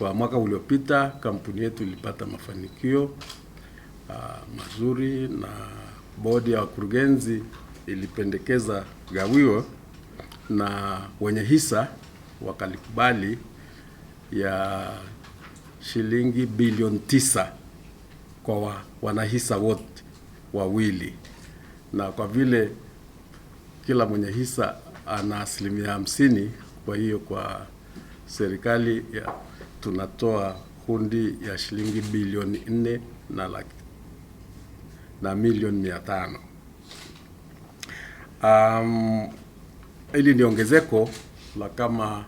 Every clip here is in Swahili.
Kwa mwaka uliopita kampuni yetu ilipata mafanikio uh, mazuri na bodi ya wakurugenzi ilipendekeza gawio na wenye hisa wakalikubali ya shilingi bilioni tisa kwa wa, wanahisa wote wawili, na kwa vile kila mwenye hisa ana asilimia hamsini, kwa hiyo kwa serikali ya tunatoa hundi ya shilingi bilioni nne na laki na milioni mia tano. Hili um, ni ongezeko la kama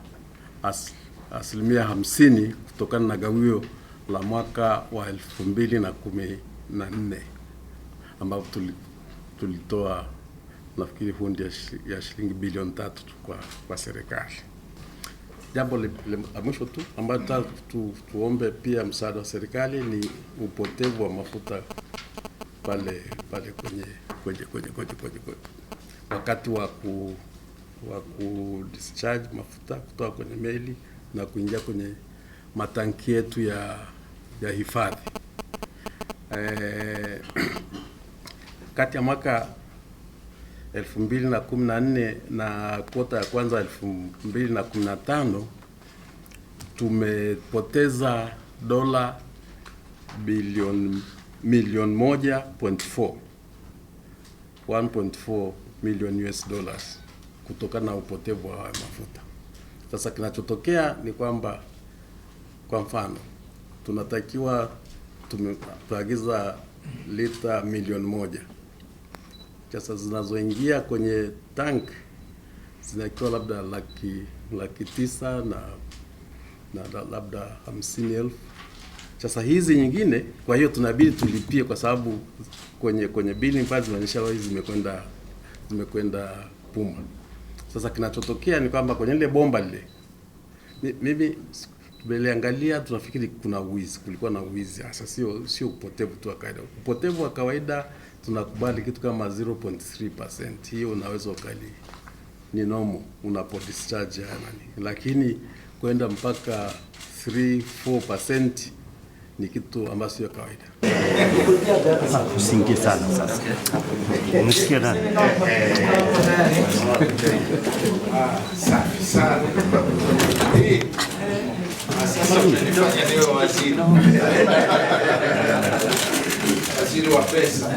as, asilimia hamsini kutokana na gawio la mwaka wa elfu mbili na kumi na nne ambapo tulitoa nafikiri hundi ya shilingi bilioni tatu kwa, kwa serikali. Jambo la mwisho tu ambayo ta tu, tuombe pia msaada wa serikali ni upotevu wa mafuta pale pale kwenye kwenye kwenye kwenye kwenye wakati wa ku wa ku discharge mafuta kutoka kwenye meli na kuingia kwenye matanki yetu ya ya hifadhi. E, kati ya mwaka 2014 na kota ya kwanza 2015 tumepoteza dola bilioni milioni 1.4 1.4 million US dollars kutokana na upotevu wa mafuta. Sasa kinachotokea ni kwamba kwa mfano tunatakiwa tumeagiza lita milioni moja sasa zinazoingia kwenye tank zinakiwa labda laki laki tisa na, na labda hamsini elfu. Sasa hizi nyingine, kwa hiyo tunabidi tulipie, kwa sababu kwenye kwenye billing pale zinaonyesha hizi zimekwenda zimekwenda Puma. Sasa kinachotokea ni kwamba kwenye ile bomba lile, mimi tumeliangalia, tunafikiri kuna wizi, kulikuwa na wizi hasa, sio sio upotevu tu wa kawaida. Upotevu wa kawaida tunakubali kitu kama 0.3%. Hiyo unaweza ukali ni nomo unapo discharge yani, lakini kwenda mpaka 3 4% ni kitu ambacho sio kawaida. Usingie sana sasa, umesikia nani? Safi sana. Sasa waziri wa pesa,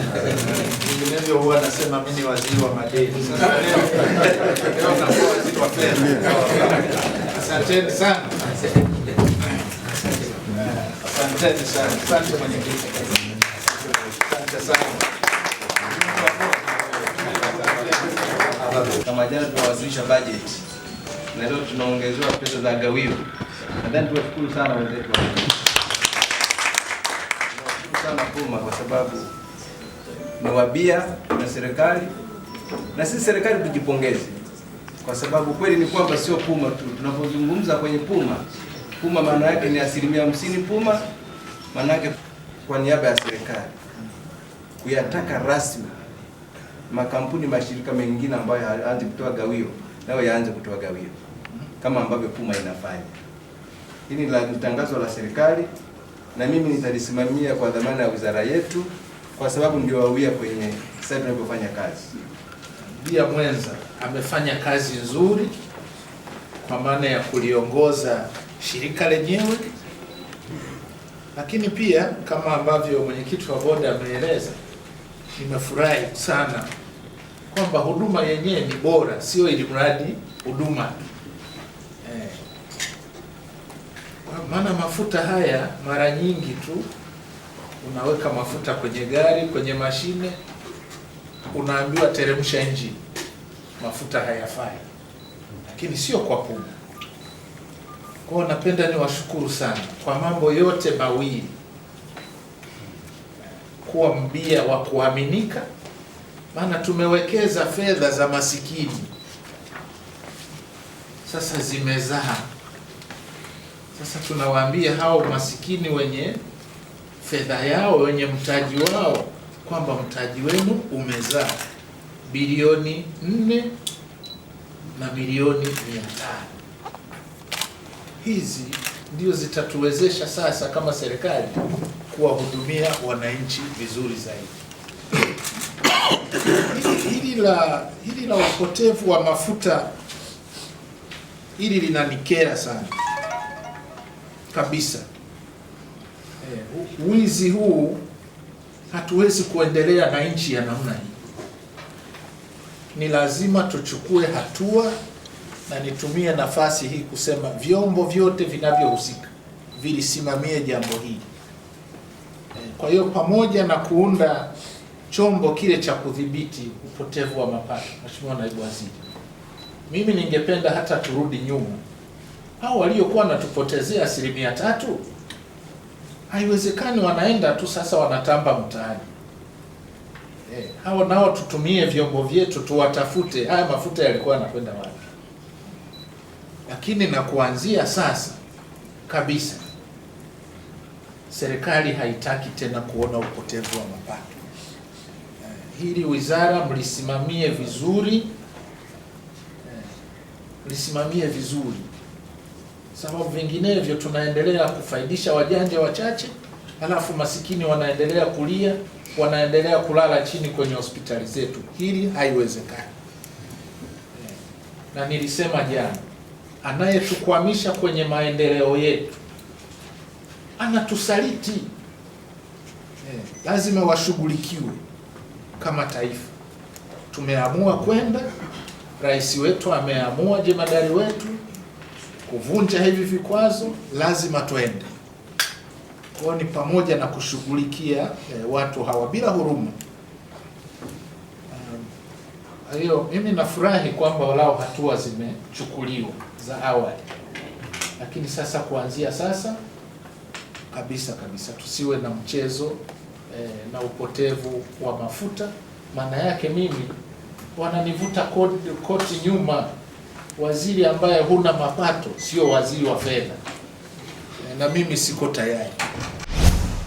vinginevyo huwa nasema mimi ni waziri wa madeni. Sasa leo nakuwa waziri wa fedha. Asanteni sana, asanteni sana, asante mwenyekiti, asante sana. Kama jana tunawasilisha budget na leo tunaongezewa pesa za gawio, nadhani tuwashukuru sana wenzetu sana Puma kwa sababu ni wabia na serikali, na sisi serikali tujipongeze, kwa sababu kweli ni kwamba sio Puma tu tunapozungumza kwenye Puma. Puma maana yake ni asilimia hamsini Puma maana yake kwa niaba ya serikali kuyataka rasmi makampuni mashirika mengine ambayo hayaanze kutoa gawio nayo yaanze kutoa gawio kama ambavyo Puma inafanya. Hili ni tangazo la serikali na mimi nitalisimamia kwa dhamana ya wizara yetu, kwa sababu ndio wawia kwenye sasa tunapofanya kazi. Bia mwenza amefanya kazi nzuri kwa maana ya kuliongoza shirika lenyewe, lakini pia kama ambavyo mwenyekiti wa bodi ameeleza, nimefurahi sana kwamba huduma yenyewe ni bora, sio ili mradi huduma maana mafuta haya mara nyingi tu unaweka mafuta kwenye gari, kwenye mashine, unaambiwa teremsha injini, mafuta hayafai, lakini sio kwa pumu. Kwa napenda niwashukuru sana kwa mambo yote mawili, kuwa mbia wa kuaminika, maana tumewekeza fedha za masikini, sasa zimezaa sasa tunawaambia hao masikini wenye fedha yao wenye mtaji wao kwamba mtaji wenu umezaa bilioni nne na milioni mia tano. Hizi ndio zitatuwezesha sasa kama serikali kuwahudumia wananchi vizuri zaidi. Hili la hili la upotevu wa mafuta hili linanikera sana kabisa. Eh, wizi huu hatuwezi kuendelea na nchi ya namna hii. Ni lazima tuchukue hatua, na nitumie nafasi hii kusema vyombo vyote vinavyohusika vilisimamie jambo hili. Eh, kwa hiyo pamoja na kuunda chombo kile cha kudhibiti upotevu wa mapato, Mheshimiwa Naibu Waziri, mimi ningependa hata turudi nyuma hao waliokuwa wanatupotezea asilimia tatu, haiwezekani wanaenda tu sasa wanatamba mtaani. e, hao nao tutumie vyombo vyetu tuwatafute, haya mafuta yalikuwa yanakwenda wapi? Lakini na kuanzia sasa kabisa, serikali haitaki tena kuona upotevu wa mapato. Eh, hili wizara mlisimamie vizuri, eh, mlisimamie vizuri sababu vinginevyo tunaendelea kufaidisha wajanja wachache, halafu masikini wanaendelea kulia, wanaendelea kulala chini kwenye hospitali zetu. Hili haiwezekani, na nilisema jana, anayetukwamisha kwenye maendeleo yetu anatusaliti. Lazima washughulikiwe kama taifa. Tumeamua kwenda, rais wetu ameamua, jemadari wetu kuvunja hivi vikwazo, lazima twende kwao, ni pamoja na kushughulikia eh, watu hawa bila huruma. Um, hiyo um, mimi nafurahi kwamba walao hatua zimechukuliwa za awali, lakini sasa kuanzia sasa kabisa kabisa tusiwe na mchezo eh, na upotevu wa mafuta. Maana yake mimi wananivuta koti nyuma waziri ambaye huna mapato sio waziri wa fedha, na mimi siko tayari.